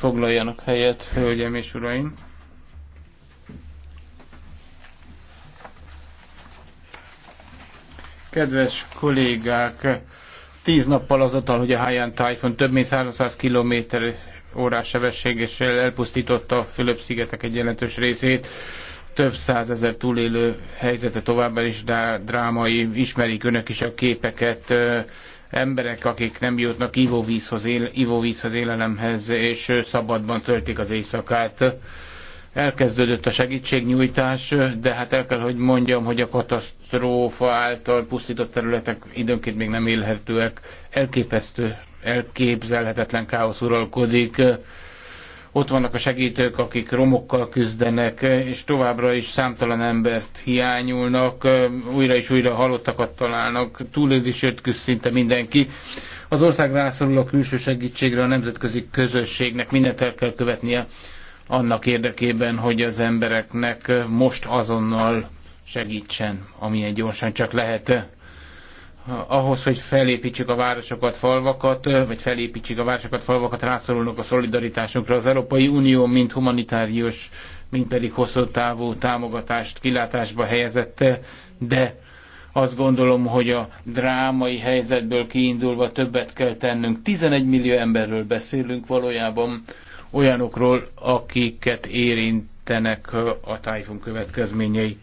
Foglaljanak helyet, hölgyem és uraim! Kedves kollégák! Tíz nappal azáltal, hogy a Haiyan Typhoon több mint 300 km órás sebességgel elpusztította a Fülöp-szigetek egy jelentős részét, több százezer túlélő helyzete továbbá is drámai, ismerik önök is a képeket, emberek, akik nem jutnak ivóvízhoz, él, ivóvízhoz, élelemhez, és szabadban töltik az éjszakát. Elkezdődött a segítségnyújtás, de hát el kell, hogy mondjam, hogy a katasztrófa által pusztított területek időnként még nem élhetőek. Elképesztő, elképzelhetetlen káosz uralkodik ott vannak a segítők, akik romokkal küzdenek, és továbbra is számtalan embert hiányulnak, újra és újra halottakat találnak, túlélésért küzd szinte mindenki. Az ország rászorul a külső segítségre, a nemzetközi közösségnek mindent el kell követnie annak érdekében, hogy az embereknek most azonnal segítsen, amilyen gyorsan csak lehet ahhoz, hogy felépítsük a városokat, falvakat, vagy felépítsük a városokat, falvakat, rászorulnak a szolidaritásunkra. Az Európai Unió, mint humanitárius, mint pedig hosszú távú támogatást kilátásba helyezette, de azt gondolom, hogy a drámai helyzetből kiindulva többet kell tennünk. 11 millió emberről beszélünk valójában, olyanokról, akiket érintenek a tájfunk következményei.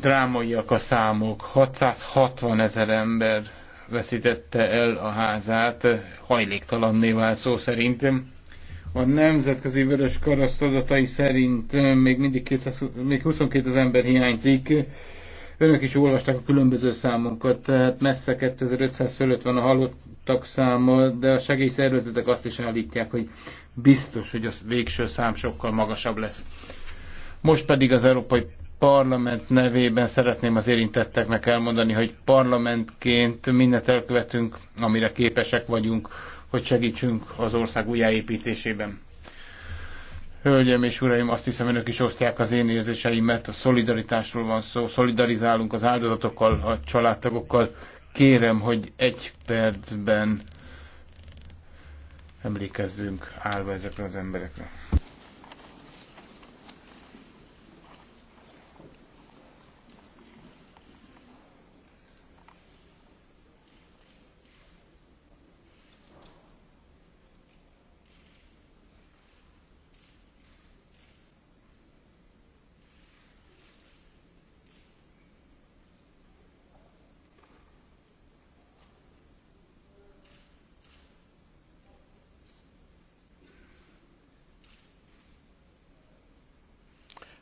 Drámaiak a számok. 660 ezer ember veszítette el a házát, hajléktalanné vált szó szerint. A nemzetközi vörös karaszt adatai szerint még mindig 200, még 22 az ember hiányzik. Önök is olvasták a különböző számokat, tehát messze 2500 fölött van a halottak száma, de a segélyszervezetek azt is állítják, hogy biztos, hogy a végső szám sokkal magasabb lesz. Most pedig az Európai parlament nevében szeretném az érintetteknek elmondani, hogy parlamentként mindent elkövetünk, amire képesek vagyunk, hogy segítsünk az ország újjáépítésében. Hölgyeim és uraim, azt hiszem önök is osztják az én érzéseimet, a szolidaritásról van szó, szolidarizálunk az áldozatokkal, a családtagokkal. Kérem, hogy egy percben emlékezzünk állva ezekre az emberekre.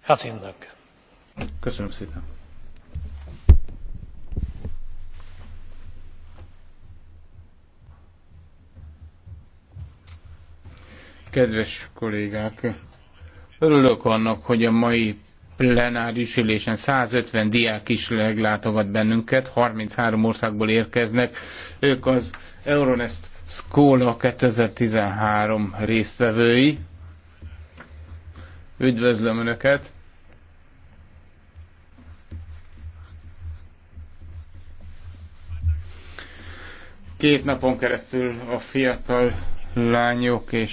Köszönöm szépen. Kedves kollégák, örülök annak, hogy a mai plenáris ülésen 150 diák is meglátogat bennünket, 33 országból érkeznek. Ők az Euronest Skola 2013 résztvevői. Üdvözlöm Önöket! Két napon keresztül a fiatal lányok és